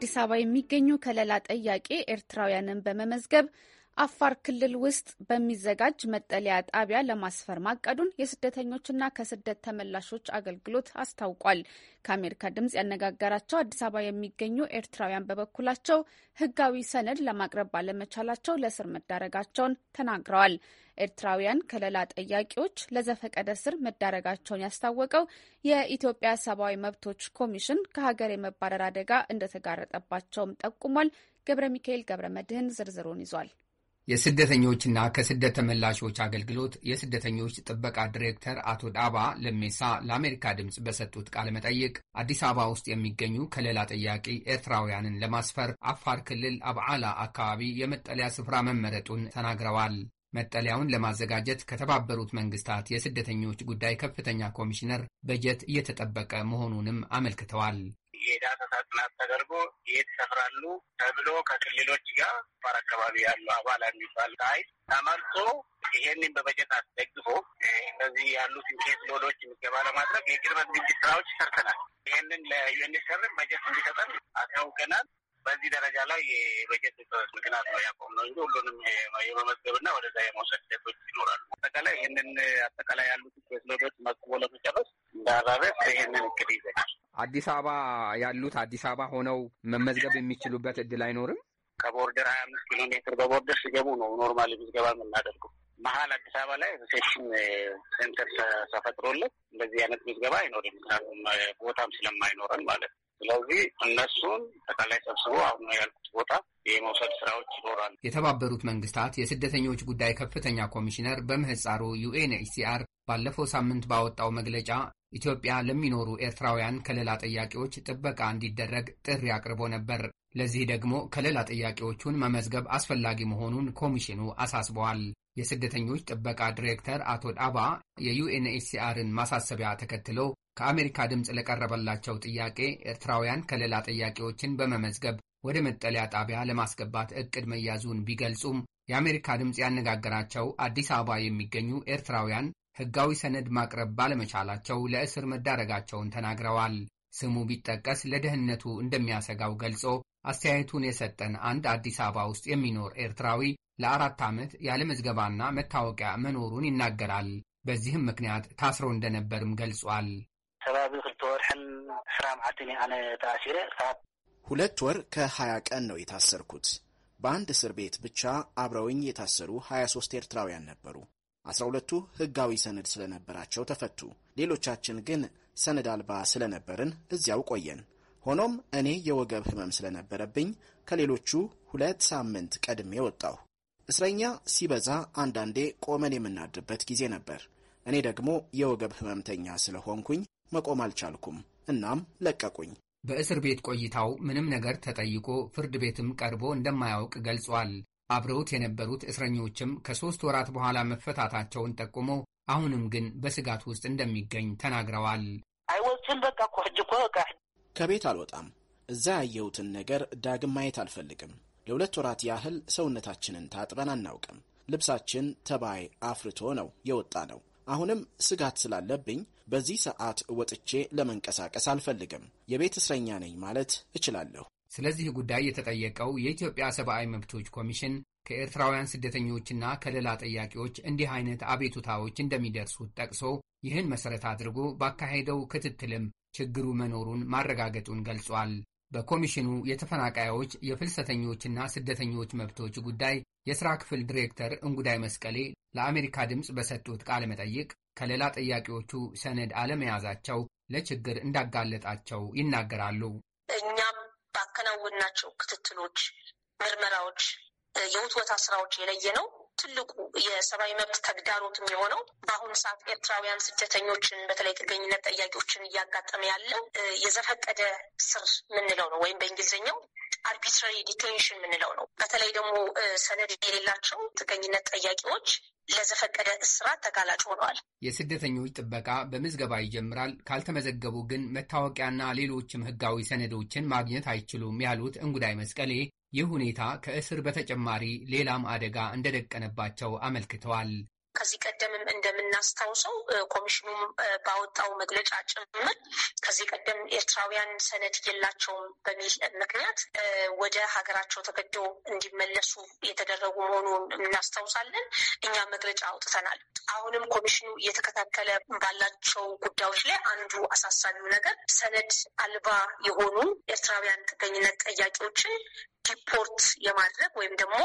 አዲስ አበባ የሚገኙ ከለላ ጠያቂ ኤርትራውያንን በመመዝገብ አፋር ክልል ውስጥ በሚዘጋጅ መጠለያ ጣቢያ ለማስፈር ማቀዱን የስደተኞችና ከስደት ተመላሾች አገልግሎት አስታውቋል። ከአሜሪካ ድምጽ ያነጋገራቸው አዲስ አበባ የሚገኙ ኤርትራውያን በበኩላቸው ሕጋዊ ሰነድ ለማቅረብ ባለመቻላቸው ለእስር መዳረጋቸውን ተናግረዋል። ኤርትራውያን ከለላ ጠያቂዎች ለዘፈቀደ ስር መዳረጋቸውን ያስታወቀው የኢትዮጵያ ሰብአዊ መብቶች ኮሚሽን ከሀገር የመባረር አደጋ እንደተጋረጠባቸውም ጠቁሟል። ገብረ ሚካኤል ገብረ መድህን ዝርዝሩን ይዟል። የስደተኞችና ከስደት ተመላሾች አገልግሎት የስደተኞች ጥበቃ ዲሬክተር አቶ ዳባ ለሜሳ ለአሜሪካ ድምፅ በሰጡት ቃለ መጠይቅ አዲስ አበባ ውስጥ የሚገኙ ከሌላ ጠያቂ ኤርትራውያንን ለማስፈር አፋር ክልል አብዓላ አካባቢ የመጠለያ ስፍራ መመረጡን ተናግረዋል። መጠለያውን ለማዘጋጀት ከተባበሩት መንግስታት የስደተኞች ጉዳይ ከፍተኛ ኮሚሽነር በጀት እየተጠበቀ መሆኑንም አመልክተዋል። የዳሰሳ ጥናት ተደርጎ የት ይሰፍራሉ ተብሎ ከክልሎች ጋር ባር አካባቢ ያሉ አባላ የሚባል ሀይል ተመርጦ ይሄንን በበጀት አስደግፎ እነዚህ ያሉትን ኬስ ሎዶች የሚገባ ለማድረግ የቅድመ ዝግጅት ስራዎች ሰርተናል። ይህንን ለዩኤንኤችሲአር በጀት እንዲሰጠን አሳውቀናል። በዚህ ደረጃ ላይ የበጀት ምክንያት ነው ነው እንጂ ሁሉንም የመመዝገብና ወደዛ የመውሰድ ሂደቶች ይኖራሉ። አጠቃላይ ይህንን አጠቃላይ ያሉት ኬስ ሎዶች መዝግቦ ለመጨረስ እንዳራበት ይህንን እቅድ ይዘናል። አዲስ አበባ ያሉት አዲስ አበባ ሆነው መመዝገብ የሚችሉበት እድል አይኖርም። ከቦርደር ሀያ አምስት ኪሎ ሜትር በቦርደር ሲገቡ ነው ኖርማል ምዝገባ የምናደርገው። መሀል አዲስ አበባ ላይ ሴሽን ሴንተር ተፈጥሮለት እንደዚህ አይነት ምዝገባ አይኖርም፣ ቦታም ስለማይኖረን ማለት ነው። ስለዚህ እነሱን ጠቃላይ ሰብስቦ አሁን ያልኩት ቦታ የመውሰድ ስራዎች ይኖራሉ። የተባበሩት መንግስታት የስደተኞች ጉዳይ ከፍተኛ ኮሚሽነር በምህፃሩ ዩኤንኤችሲአር ባለፈው ሳምንት ባወጣው መግለጫ ኢትዮጵያ ለሚኖሩ ኤርትራውያን ከለላ ጥያቄዎች ጥበቃ እንዲደረግ ጥሪ አቅርቦ ነበር። ለዚህ ደግሞ ከለላ ጥያቄዎቹን መመዝገብ አስፈላጊ መሆኑን ኮሚሽኑ አሳስበዋል። የስደተኞች ጥበቃ ዲሬክተር አቶ ዳባ የዩኤንኤችሲአርን ማሳሰቢያ ተከትሎ ከአሜሪካ ድምፅ ለቀረበላቸው ጥያቄ ኤርትራውያን ከለላ ጥያቄዎችን በመመዝገብ ወደ መጠለያ ጣቢያ ለማስገባት ዕቅድ መያዙን ቢገልጹም የአሜሪካ ድምፅ ያነጋገራቸው አዲስ አበባ የሚገኙ ኤርትራውያን ሕጋዊ ሰነድ ማቅረብ ባለመቻላቸው ለእስር መዳረጋቸውን ተናግረዋል። ስሙ ቢጠቀስ ለደህንነቱ እንደሚያሰጋው ገልጾ አስተያየቱን የሰጠን አንድ አዲስ አበባ ውስጥ የሚኖር ኤርትራዊ ለአራት ዓመት ያለ መታወቂያ መኖሩን ይናገራል። በዚህም ምክንያት ታስሮ እንደነበርም ገልጿል። ሁለት ወር ከሀያ ቀን ነው የታሰርኩት። በአንድ እስር ቤት ብቻ አብረውኝ የታሰሩ 23 ኤርትራውያን ነበሩ። አስራ ሁለቱ ህጋዊ ሰነድ ስለነበራቸው ተፈቱ። ሌሎቻችን ግን ሰነድ አልባ ስለነበርን እዚያው ቆየን። ሆኖም እኔ የወገብ ህመም ስለነበረብኝ ከሌሎቹ ሁለት ሳምንት ቀድሜ ወጣሁ። እስረኛ ሲበዛ አንዳንዴ ቆመን የምናድርበት ጊዜ ነበር። እኔ ደግሞ የወገብ ህመምተኛ ስለሆንኩኝ መቆም አልቻልኩም። እናም ለቀቁኝ። በእስር ቤት ቆይታው ምንም ነገር ተጠይቆ ፍርድ ቤትም ቀርቦ እንደማያውቅ ገልጿል። አብረውት የነበሩት እስረኞችም ከሦስት ወራት በኋላ መፈታታቸውን ጠቁመው አሁንም ግን በስጋት ውስጥ እንደሚገኝ ተናግረዋል። አይወጡም። በቃ ኮጅ ኮ ከቤት አልወጣም። እዛ ያየሁትን ነገር ዳግም ማየት አልፈልግም። ለሁለት ወራት ያህል ሰውነታችንን ታጥበን አናውቅም። ልብሳችን ተባይ አፍርቶ ነው የወጣ ነው። አሁንም ስጋት ስላለብኝ በዚህ ሰዓት ወጥቼ ለመንቀሳቀስ አልፈልግም። የቤት እስረኛ ነኝ ማለት እችላለሁ። ስለዚህ ጉዳይ የተጠየቀው የኢትዮጵያ ሰብአዊ መብቶች ኮሚሽን ከኤርትራውያን ስደተኞችና ከሌላ ጠያቂዎች እንዲህ አይነት አቤቱታዎች እንደሚደርሱት ጠቅሶ ይህን መሠረት አድርጎ ባካሄደው ክትትልም ችግሩ መኖሩን ማረጋገጡን ገልጿል። በኮሚሽኑ የተፈናቃዮች የፍልሰተኞችና ስደተኞች መብቶች ጉዳይ የሥራ ክፍል ዲሬክተር እንጉዳይ መስቀሌ ለአሜሪካ ድምፅ በሰጡት ቃለ መጠይቅ ከሌላ ጠያቂዎቹ ሰነድ አለመያዛቸው ለችግር እንዳጋለጣቸው ይናገራሉ። እኛም ባከናወናቸው ክትትሎች፣ ምርመራዎች፣ የውትወታ ስራዎች የለየ ነው ትልቁ የሰብአዊ መብት ተግዳሮት የሚሆነው በአሁኑ ሰዓት ኤርትራውያን ስደተኞችን በተለይ ጥገኝነት ጠያቂዎችን እያጋጠመ ያለው የዘፈቀደ ስር የምንለው ነው ወይም በእንግሊዝኛው አርቢትራሪ ዲቴንሽን የምንለው ነው። በተለይ ደግሞ ሰነድ የሌላቸው ጥገኝነት ጠያቂዎች ለዘፈቀደ እስራት ተጋላጭ ሆነዋል። የስደተኞች ጥበቃ በምዝገባ ይጀምራል፣ ካልተመዘገቡ ግን መታወቂያና ሌሎችም ሕጋዊ ሰነዶችን ማግኘት አይችሉም ያሉት እንጉዳይ መስቀሌ ይህ ሁኔታ ከእስር በተጨማሪ ሌላም አደጋ እንደደቀነባቸው አመልክተዋል። ከዚህ ቀደምም የምናስታውሰው ኮሚሽኑ ባወጣው መግለጫ ጭምር ከዚህ ቀደም ኤርትራውያን ሰነድ የላቸውም በሚል ምክንያት ወደ ሀገራቸው ተገደው እንዲመለሱ የተደረጉ መሆኑን እናስታውሳለን። እኛ መግለጫ አውጥተናል። አሁንም ኮሚሽኑ እየተከታተለ ባላቸው ጉዳዮች ላይ አንዱ አሳሳቢው ነገር ሰነድ አልባ የሆኑ ኤርትራውያን ጥገኝነት ጠያቂዎችን ዲፖርት የማድረግ ወይም ደግሞ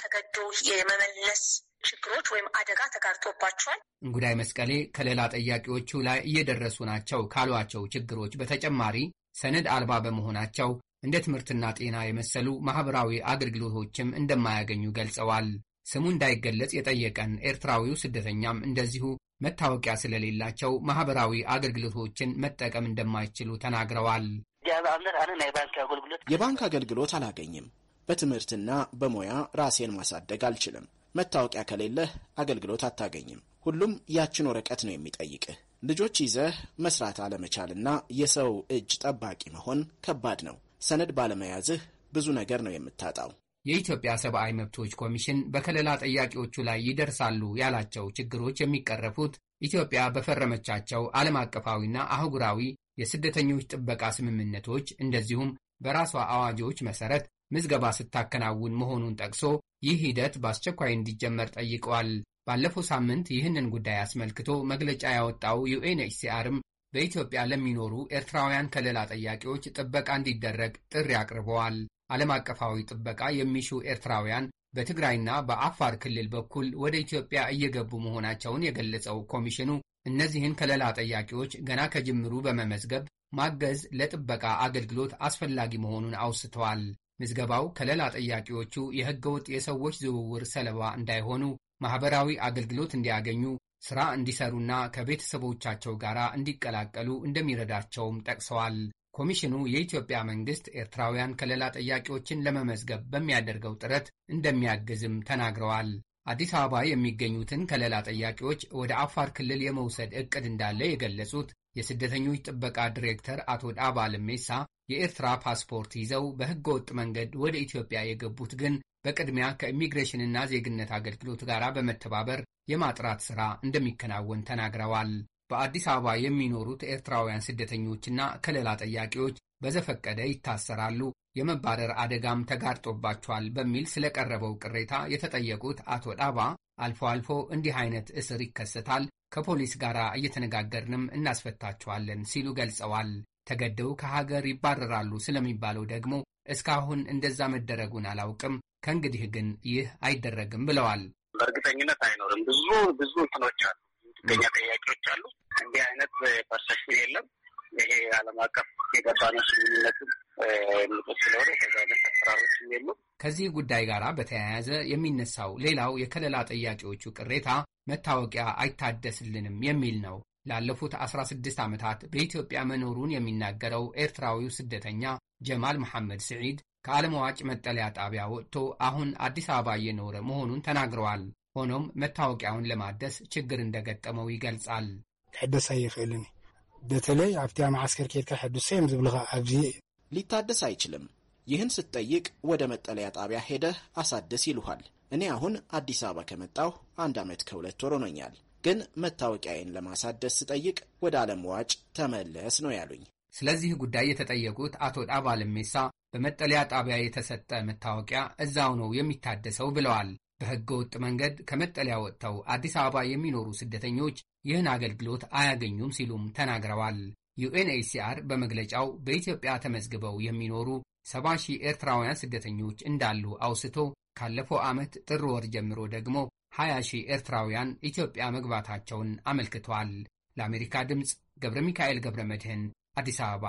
ተገዶ የመመለስ ችግሮች ወይም አደጋ ተጋርጦባቸዋል። እንጉዳይ መስቀሌ ከሌላ ጠያቂዎቹ ላይ እየደረሱ ናቸው ካሏቸው ችግሮች በተጨማሪ ሰነድ አልባ በመሆናቸው እንደ ትምህርትና ጤና የመሰሉ ማህበራዊ አገልግሎቶችም እንደማያገኙ ገልጸዋል። ስሙ እንዳይገለጽ የጠየቀን ኤርትራዊው ስደተኛም እንደዚሁ መታወቂያ ስለሌላቸው ማህበራዊ አገልግሎቶችን መጠቀም እንደማይችሉ ተናግረዋል። የባንክ አገልግሎት አላገኝም። በትምህርትና በሙያ ራሴን ማሳደግ አልችልም። መታወቂያ ከሌለህ አገልግሎት አታገኝም። ሁሉም ያችን ወረቀት ነው የሚጠይቅህ። ልጆች ይዘህ መስራት አለመቻልና የሰው እጅ ጠባቂ መሆን ከባድ ነው። ሰነድ ባለመያዝህ ብዙ ነገር ነው የምታጣው። የኢትዮጵያ ሰብአዊ መብቶች ኮሚሽን በከለላ ጠያቂዎቹ ላይ ይደርሳሉ ያላቸው ችግሮች የሚቀረፉት ኢትዮጵያ በፈረመቻቸው ዓለም አቀፋዊና አህጉራዊ የስደተኞች ጥበቃ ስምምነቶች እንደዚሁም በራሷ አዋጆች መሰረት ምዝገባ ስታከናውን መሆኑን ጠቅሶ ይህ ሂደት በአስቸኳይ እንዲጀመር ጠይቀዋል። ባለፈው ሳምንት ይህንን ጉዳይ አስመልክቶ መግለጫ ያወጣው ዩኤንኤችሲአርም በኢትዮጵያ ለሚኖሩ ኤርትራውያን ከለላ ጠያቂዎች ጥበቃ እንዲደረግ ጥሪ አቅርበዋል። ዓለም አቀፋዊ ጥበቃ የሚሹ ኤርትራውያን በትግራይና በአፋር ክልል በኩል ወደ ኢትዮጵያ እየገቡ መሆናቸውን የገለጸው ኮሚሽኑ እነዚህን ከለላ ጠያቂዎች ገና ከጅምሩ በመመዝገብ ማገዝ ለጥበቃ አገልግሎት አስፈላጊ መሆኑን አውስተዋል። ምዝገባው ከለላ ጠያቂዎቹ የሕገወጥ የሰዎች ዝውውር ሰለባ እንዳይሆኑ፣ ማኅበራዊ አገልግሎት እንዲያገኙ፣ ሥራ እንዲሰሩና ከቤተሰቦቻቸው ጋር እንዲቀላቀሉ እንደሚረዳቸውም ጠቅሰዋል። ኮሚሽኑ የኢትዮጵያ መንግሥት ኤርትራውያን ከለላ ጠያቂዎችን ለመመዝገብ በሚያደርገው ጥረት እንደሚያግዝም ተናግረዋል። አዲስ አበባ የሚገኙትን ከለላ ጠያቂዎች ወደ አፋር ክልል የመውሰድ ዕቅድ እንዳለ የገለጹት የስደተኞች ጥበቃ ዲሬክተር አቶ ዳባ ልሜሳ የኤርትራ ፓስፖርት ይዘው በሕገወጥ መንገድ ወደ ኢትዮጵያ የገቡት ግን በቅድሚያ ከኢሚግሬሽንና ዜግነት አገልግሎት ጋር በመተባበር የማጥራት ሥራ እንደሚከናወን ተናግረዋል። በአዲስ አበባ የሚኖሩት ኤርትራውያን ስደተኞችና ከለላ ጠያቂዎች በዘፈቀደ ይታሰራሉ፣ የመባረር አደጋም ተጋርጦባቸዋል በሚል ስለቀረበው ቅሬታ የተጠየቁት አቶ ዳባ አልፎ አልፎ እንዲህ አይነት እስር ይከሰታል፣ ከፖሊስ ጋር እየተነጋገርንም እናስፈታቸዋለን ሲሉ ገልጸዋል። ተገደው ከሀገር ይባረራሉ ስለሚባለው ደግሞ እስካሁን እንደዛ መደረጉን አላውቅም፣ ከእንግዲህ ግን ይህ አይደረግም ብለዋል። በእርግጠኝነት አይኖርም። ብዙ ብዙ እንትኖች አሉ፣ ጥገኛ ጠያቂዎች አሉ። እንዲህ አይነት ፐርሰፕሽን የለም። ይሄ ዓለም አቀፍ የገባነው ስምምነት ስለሆነ ከዚ አይነት አሰራሮች የሉ። ከዚህ ጉዳይ ጋር በተያያዘ የሚነሳው ሌላው የከለላ ጠያቂዎቹ ቅሬታ መታወቂያ አይታደስልንም የሚል ነው። ላለፉት 16 ዓመታት በኢትዮጵያ መኖሩን የሚናገረው ኤርትራዊው ስደተኛ ጀማል መሐመድ ስዒድ ከዓለም ዋጭ መጠለያ ጣቢያ ወጥቶ አሁን አዲስ አበባ እየኖረ መሆኑን ተናግረዋል። ሆኖም መታወቂያውን ለማደስ ችግር እንደገጠመው ይገልጻል። ክሕደስ ኣይኽእልን በተለይ ኣብቲ ኣማዓስከር ኬድካ ሕዱሰ እዮም ዝብልኻ ኣብዚ ሊታደስ አይችልም። ይህን ስትጠይቅ ወደ መጠለያ ጣቢያ ሄደህ አሳደስ ይልሃል። እኔ አሁን አዲስ አበባ ከመጣሁ አንድ ዓመት ከሁለት ወር ሆኖኛል። ግን መታወቂያዬን ለማሳደስ ስጠይቅ ወደ ዓለም ዋጭ ተመለስ ነው ያሉኝ። ስለዚህ ጉዳይ የተጠየቁት አቶ ዳባ ልሜሳ በመጠለያ ጣቢያ የተሰጠ መታወቂያ እዛው ነው የሚታደሰው ብለዋል። በሕገ ወጥ መንገድ ከመጠለያ ወጥተው አዲስ አበባ የሚኖሩ ስደተኞች ይህን አገልግሎት አያገኙም ሲሉም ተናግረዋል። ዩኤንኤችሲአር በመግለጫው በኢትዮጵያ ተመዝግበው የሚኖሩ ሰባ ሺህ ኤርትራውያን ስደተኞች እንዳሉ አውስቶ ካለፈው ዓመት ጥር ወር ጀምሮ ደግሞ ሀያ ሺህ ኤርትራውያን ኢትዮጵያ መግባታቸውን አመልክቷል። ለአሜሪካ ድምፅ ገብረ ሚካኤል ገብረ መድህን አዲስ አበባ